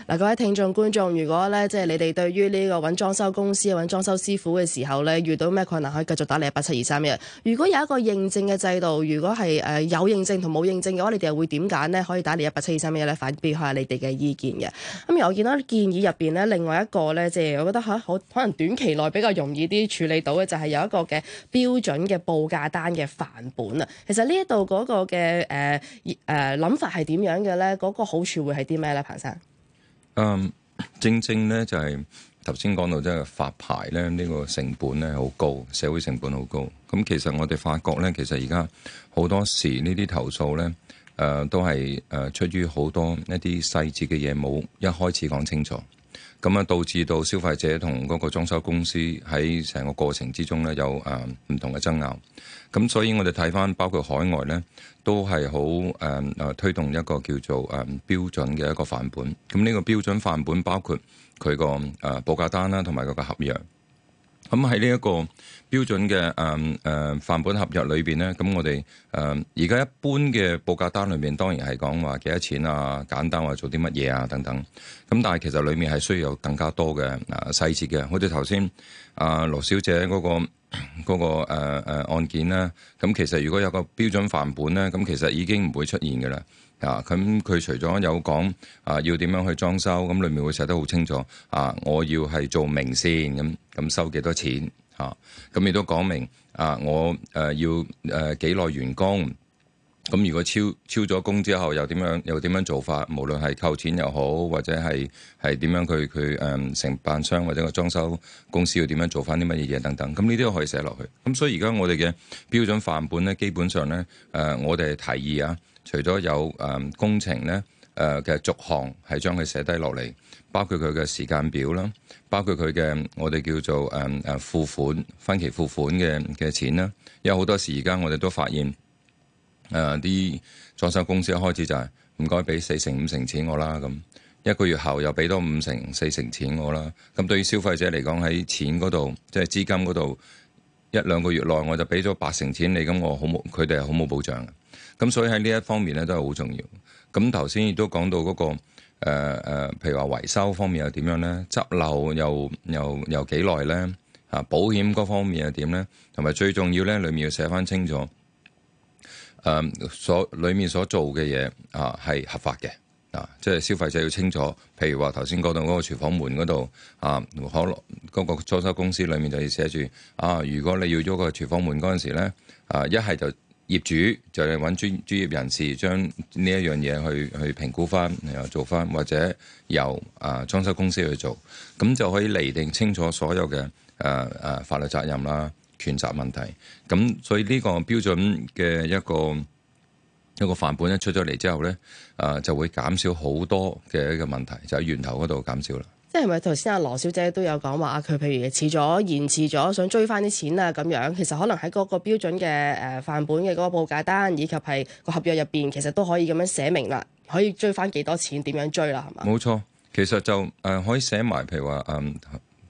嗱，各位聽眾觀眾，如果咧即係你哋對於呢個揾裝修公司、揾裝修師傅嘅時候咧，遇到咩困難，可以繼續打嚟一八七二三一。如果有一個認證嘅制度，如果係誒有認證同冇認證嘅話，你哋會點揀咧？可以打嚟一八七二三一咧，反映下你哋嘅意見嘅。咁我見到建議入邊咧，另外一個咧，即係我覺得嚇好可能短期內比較容易啲處理到嘅，就係有一個嘅標準嘅報價單嘅範本啊。其實呢一度嗰個嘅誒誒諗法係點樣嘅咧？嗰個好處會係啲咩咧，彭生？嗯，um, 正正咧就係頭先講到即係發牌咧，呢個成本咧好高，社會成本好高。咁其實我哋發覺咧，其實而家好多時呢啲投訴咧，誒、呃、都係誒、呃、出於好多一啲細節嘅嘢冇一開始講清楚。咁啊，導致到消費者同嗰個裝修公司喺成個過程之中咧，有誒唔同嘅爭拗。咁所以我哋睇返，包括海外咧，都係好誒誒推動一個叫做誒、嗯、標準嘅一個範本。咁呢個標準範本包括佢個誒報價單啦，同埋嗰個合約。咁喺呢一個標準嘅誒誒範本合約裏邊咧，咁我哋誒而家一般嘅報價單裏面當然係講話幾多錢啊、簡單或、啊、做啲乜嘢啊等等。咁但係其實裡面係需要有更加多嘅誒、呃、細節嘅。我哋頭先啊羅小姐嗰、那個嗰個、呃、案件咧，咁其實如果有個標準範本咧，咁其實已經唔會出現嘅啦。啊，咁佢除咗有講啊，要點樣去裝修，咁、啊、裏面會寫得好清楚。啊，我要係做明先，咁、啊、咁、啊、收幾多錢？吓、啊，咁亦都講明啊，我誒、啊、要誒幾耐完工？咁、啊、如果超超咗工之後又，又點樣又點樣做法？無論係扣錢又好，或者係係點樣佢佢誒承辦商或者個裝修公司要點樣做翻啲乜嘢嘢等等？咁呢啲都可以寫落去。咁、啊、所以而家我哋嘅標準範本咧，基本上咧誒、啊，我哋提議啊。除咗有誒、嗯、工程咧誒嘅逐項係將佢寫低落嚟，包括佢嘅時間表啦，包括佢嘅我哋叫做誒誒、嗯啊、付款，分期付款嘅嘅錢啦。有好多時間我哋都發現誒啲裝修公司一開始就係唔該俾四成五成錢我啦，咁一個月後又俾多五成四成錢我啦。咁對於消費者嚟講，喺錢嗰度，即係資金嗰度，一兩個月內我就俾咗八成錢你，咁我好冇佢哋係好冇保障。咁所以喺呢一方面咧都係好重要。咁頭先亦都講到嗰、嗰個誒誒、呃呃，譬如話維修方面又點樣咧？執漏又又又幾耐咧？啊，保險嗰方面又點咧？同埋最重要咧，裏面要寫翻清楚。誒、呃、所裏面所做嘅嘢啊係合法嘅啊，即係消費者要清楚。譬如話頭先講到嗰個廚房門嗰度啊，可、啊、嗰、嗰個裝修公司裏面就要寫住啊，如果你要咗個廚房門嗰陣時咧啊，一係就。業主就係搵專專業人士將呢一樣嘢去去評估翻，然後做翻，或者由啊裝修公司去做，咁就可以釐定清楚所有嘅誒誒法律責任啦、啊、權責問題。咁所以呢個標準嘅一個一個範本一出咗嚟之後咧，誒、啊、就會減少好多嘅一個問題，就喺源頭嗰度減少啦。即係咪頭先阿羅小姐都有講話佢譬如遲咗、延遲咗，想追翻啲錢啊咁樣，其實可能喺嗰個標準嘅誒範本嘅嗰個報價單以及係個合約入邊，其實都可以咁樣寫明啦，可以追翻幾多錢，點樣追啦，係嘛？冇錯，其實就誒、呃、可以寫埋，譬如話誒，譬、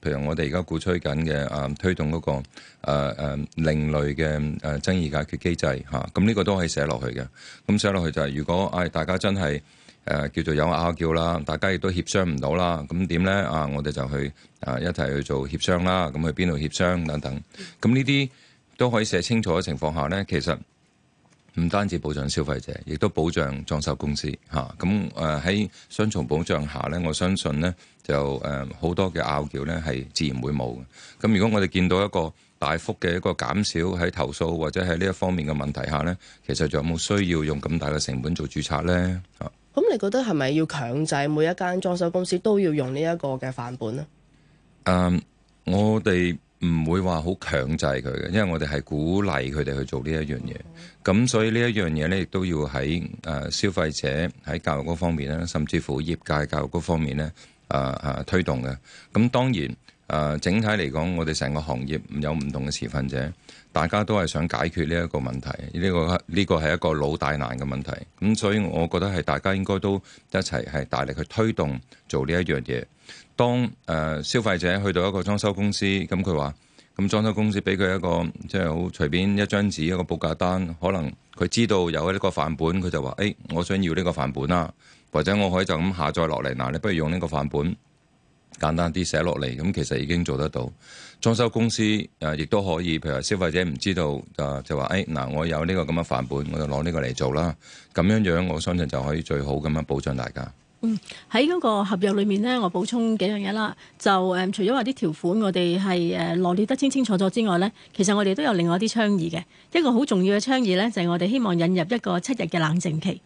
嗯、如我哋而家鼓吹緊嘅誒推動嗰、那個誒、呃、另類嘅誒、呃、爭議解決機制嚇，咁、啊、呢、嗯這個都可以寫落去嘅。咁寫落去就係如果誒、哎、大家真係。誒、呃、叫做有拗撬啦，大家亦都協商唔到啦，咁、嗯、點呢？啊？我哋就去啊一齊去做協商啦，咁、嗯、去邊度協商等等。咁呢啲都可以寫清楚嘅情況下呢，其實唔單止保障消費者，亦都保障裝修公司嚇。咁誒喺雙重保障下呢，我相信呢就誒好、啊、多嘅拗撬呢係自然會冇嘅。咁、嗯、如果我哋見到一個大幅嘅一個減少喺投訴或者喺呢一方面嘅問題下呢，其實仲有冇需要用咁大嘅成本做註冊呢？嚇、啊！咁你覺得係咪要強制每一間裝修公司都要用呢一個嘅範本呢？誒，um, 我哋唔會話好強制佢嘅，因為我哋係鼓勵佢哋去做呢一樣嘢。咁、oh. 所以呢一樣嘢咧，亦都要喺誒消費者喺教育嗰方面咧，甚至乎業界教育嗰方面咧，啊啊推動嘅。咁當然誒、啊，整體嚟講，我哋成個行業有唔同嘅持份者。大家都係想解決呢一個問題，呢個呢個係一個老大難嘅問題。咁所以，我覺得係大家應該都一齊係大力去推動做呢一樣嘢。當誒消費者去到一個裝修公司，咁佢話，咁裝修公司俾佢一個即係好隨便一張紙，一個報價單，可能佢知道有呢個範本，佢就話：，誒，我想要呢個範本啦，或者我可以就咁下載落嚟。嗱，你不如用呢個範本。簡單啲寫落嚟，咁其實已經做得到。裝修公司誒，亦、啊、都可以，譬如消費者唔知道、啊、就就話：，誒、哎、嗱、呃，我有呢個咁嘅範本，我就攞呢個嚟做啦。咁樣樣，我相信就可以最好咁樣保障大家。嗯，喺嗰個合約裏面呢，我補充幾樣嘢啦。就誒、嗯，除咗話啲條款我哋係誒羅列得清清楚楚之外呢，其實我哋都有另外一啲倡議嘅。一個好重要嘅倡議呢，就係、是、我哋希望引入一個七日嘅冷靜期，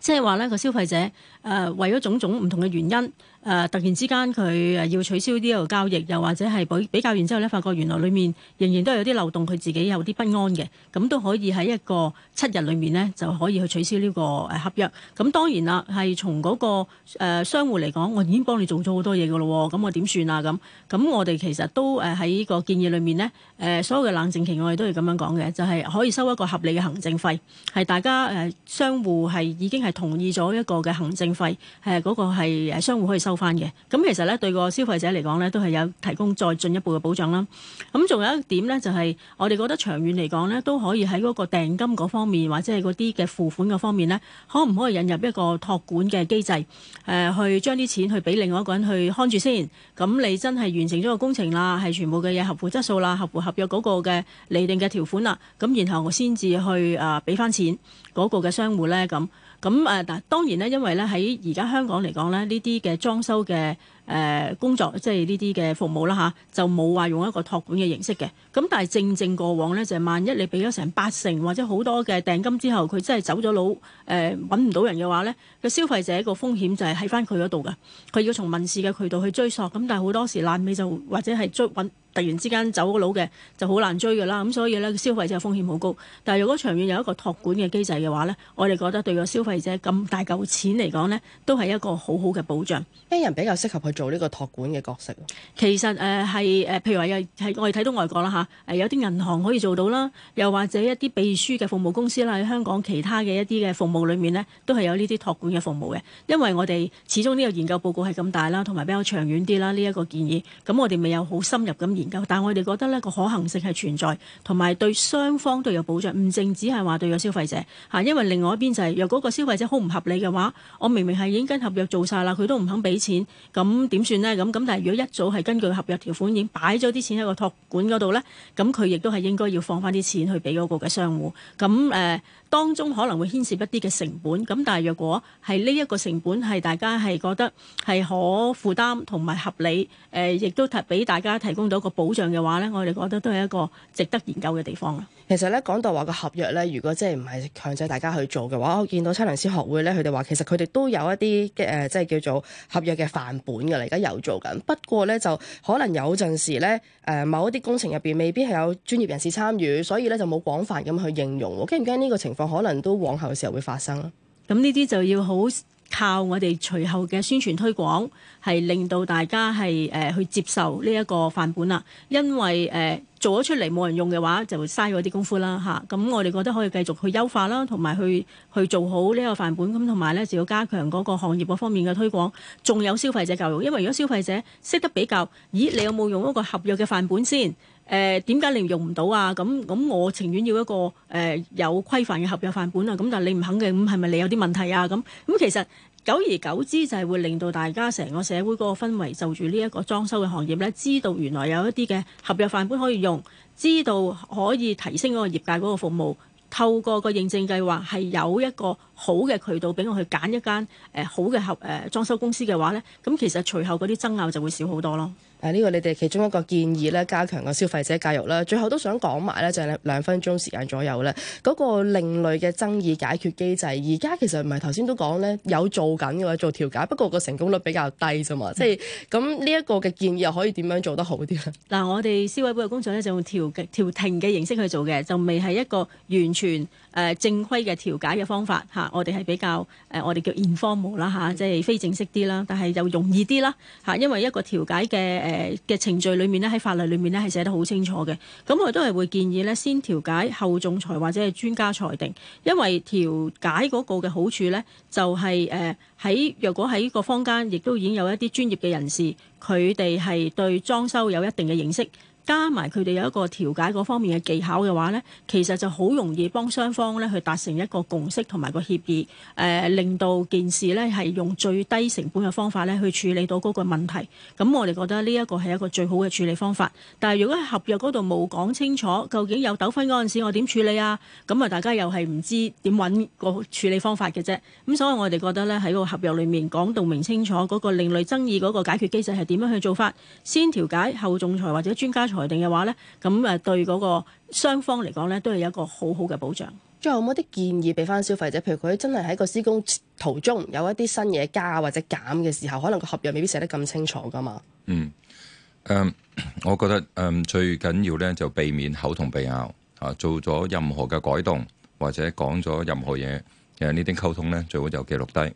即係話呢、那個消費者誒、呃、為咗種種唔同嘅原因。誒、呃、突然之間佢誒要取消呢個交易，又或者係比比較完之後呢，發覺原來裡面仍然都有啲漏洞，佢自己有啲不安嘅，咁都可以喺一個七日裡面呢，就可以去取消呢個誒合約。咁、嗯、當然啦，係從嗰、那個、呃、商戶嚟講，我已經幫你做咗好多嘢㗎喇喎，咁、嗯、我點算啊？咁咁、嗯、我哋其實都誒喺呢個建議裡面呢，誒、呃、所有嘅冷靜期我哋都係咁樣講嘅，就係、是、可以收一個合理嘅行政費，係大家誒、呃、商戶係已經係同意咗一個嘅行政費，係、呃、嗰、那個係商戶可以收翻嘅，咁其實咧對個消費者嚟講呢，都係有提供再進一步嘅保障啦。咁仲有一點呢、就是，就係我哋覺得長遠嚟講呢，都可以喺嗰個訂金嗰方面或者係嗰啲嘅付款嗰方面呢，可唔可以引入一個託管嘅機制？誒、呃，去將啲錢去俾另外一個人去看住先。咁你真係完成咗個工程啦，係全部嘅嘢合乎質素啦，合乎合約嗰個嘅釐定嘅條款啦。咁然後我先至去誒俾翻錢嗰、嗰個嘅商戶呢。咁。咁誒嗱，當然咧，因為咧喺而家香港嚟講咧，呢啲嘅裝修嘅。誒、呃、工作即係呢啲嘅服務啦吓、啊，就冇話用一個託管嘅形式嘅。咁但係正正過往呢，就係、是、萬一你俾咗成八成或者好多嘅訂金之後，佢真係走咗佬誒揾唔到人嘅話呢，個消費者個風險就係喺翻佢嗰度㗎。佢要從民事嘅渠道去追溯，咁但係好多時爛尾就或者係追揾突然之間走咗佬嘅就好難追㗎啦。咁、啊、所以呢，消費者風險好高。但係如果長遠有一個託管嘅機制嘅話呢，我哋覺得對個消費者咁大嚿錢嚟講呢，都係一個好好嘅保障。啲人比較適合去，做呢個託管嘅角色，其實誒係誒，譬如話係我哋睇到外國啦嚇，誒、啊、有啲銀行可以做到啦，又或者一啲秘書嘅服務公司啦，喺、啊、香港其他嘅一啲嘅服務裡面呢，都係有呢啲託管嘅服務嘅。因為我哋始終呢個研究報告係咁大啦，同埋比較長遠啲啦，呢、這、一個建議，咁我哋未有好深入咁研究，但係我哋覺得呢個可行性係存在，同埋對雙方都有保障，唔淨只係話對個消費者嚇、啊，因為另外一邊就係、是、若果個消費者好唔合理嘅話，我明明係已經跟合約做晒啦，佢都唔肯俾錢咁。嗯點算呢？咁咁、嗯，但係如果一早係根據合約條款已經擺咗啲錢喺個託管嗰度呢，咁佢亦都係應該要放翻啲錢去俾嗰個嘅商戶。咁誒、呃，當中可能會牽涉一啲嘅成本。咁但係若果係呢一個成本係大家係覺得係可負擔同埋合理，誒、呃，亦都提俾大家提供到一個保障嘅話呢，我哋覺得都係一個值得研究嘅地方啊。其實呢，講到話個合約呢，如果即係唔係強制大家去做嘅話，我見到測量師學會呢，佢哋話其實佢哋都有一啲嘅、呃、即係叫做合約嘅範本嚟而家有做緊，不過呢，就可能有陣時呢，誒、呃、某一啲工程入邊未必係有專業人士參與，所以呢，就冇廣泛咁去應用。驚唔驚呢個情況可能都往後嘅時候會發生？咁呢啲就要好。靠我哋隨後嘅宣傳推廣，係令到大家係誒、呃、去接受呢一個範本啦。因為誒、呃、做咗出嚟冇人用嘅話，就會嘥咗啲功夫啦嚇。咁、啊嗯、我哋覺得可以繼續去優化啦，同埋去去做好呢個範本。咁同埋呢，就要加強嗰個行業嗰方面嘅推廣，仲有消費者教育。因為如果消費者識得比較，咦，你有冇用一個合約嘅範本先？誒點解你用唔到啊？咁咁我情願要一個誒、呃、有規範嘅合約範本啊！咁但係你唔肯嘅，咁係咪你有啲問題啊？咁咁其實久而久之就係會令到大家成個社會嗰個氛圍就住呢一個裝修嘅行業呢，知道原來有一啲嘅合約範本可以用，知道可以提升嗰個業界嗰個服務，透過個認證計劃係有一個好嘅渠道俾我去揀一間誒好嘅合誒、呃、裝修公司嘅話呢，咁其實隨後嗰啲爭拗就會少好多咯。誒呢、啊這個你哋其中一個建議咧，加強個消費者教育啦。最後都想講埋咧，就係兩分鐘時間左右咧，嗰、那個另類嘅爭議解決機制。而家其實唔係頭先都講咧，有做緊嘅話做調解，不過個成功率比較低啫嘛。即係咁呢一個嘅建議又可以點樣做得好啲咧？嗱、嗯 啊，我哋消委會嘅工作咧就用調調停嘅形式去做嘅，就未係一個完全誒正規嘅調解嘅方法嚇、啊。我哋係比較誒、啊、我哋叫 informal 啦嚇，即係非正式啲啦，但係又容易啲啦嚇，因為一個調解嘅。誒嘅程序裏面咧，喺法律裏面咧係寫得好清楚嘅。咁我都係會建議呢，先調解後仲裁或者係專家裁定，因為調解嗰個嘅好處呢，就係誒喺若果喺個坊間，亦都已經有一啲專業嘅人士，佢哋係對裝修有一定嘅認識。加埋佢哋有一個調解嗰方面嘅技巧嘅話咧，其實就好容易幫雙方咧去達成一個共識同埋個協議誒、呃、令到件事咧係用最低成本嘅方法咧去處理到嗰個問題。咁我哋覺得呢一個係一個最好嘅處理方法。但係如果係合約嗰度冇講清楚，究竟有糾紛嗰陣時我點處理啊？咁啊大家又係唔知點揾個處理方法嘅啫。咁所以我哋覺得咧喺個合約裏面講到明清楚嗰個另類爭議嗰個解決機制係點樣去做法，先調解後仲裁或者專家。裁定嘅話呢，咁誒，對嗰個雙方嚟講呢，都係一個好好嘅保障。仲有冇啲建議俾翻消費者？譬如，佢真係喺個施工途中有一啲新嘢加或者減嘅時候，可能個合約未必寫得咁清楚㗎嘛。嗯、呃，我覺得誒、呃、最緊要呢，就避免口同鼻拗啊。做咗任何嘅改動或者講咗任何嘢誒，呢啲溝通呢，最好就記錄低。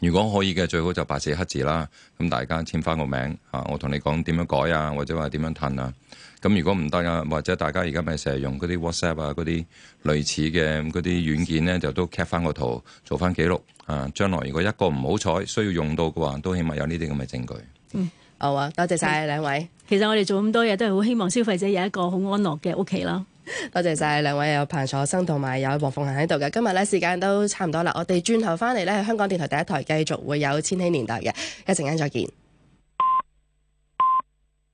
如果可以嘅，最好就白紙黑字啦。咁大家簽翻個名啊，我同你講點樣改啊，或者話點樣褪啊。咁如果唔得啊，或者大家而家咪成日用嗰啲 WhatsApp 啊，嗰啲類似嘅嗰啲軟件咧，就都 cap 翻個圖，做翻記錄啊。將來如果一個唔好彩，需要用到嘅話，都起碼有呢啲咁嘅證據。嗯，好、哦、啊，多謝晒兩是位。其實我哋做咁多嘢，都係好希望消費者有一個好安樂嘅屋企啦。多謝晒兩位有彭楚夫同埋有黃鳳嫺喺度嘅，今日咧時間都差唔多啦，我哋轉頭翻嚟咧，香港電台第一台繼續會有千禧年代嘅，一陣間再見。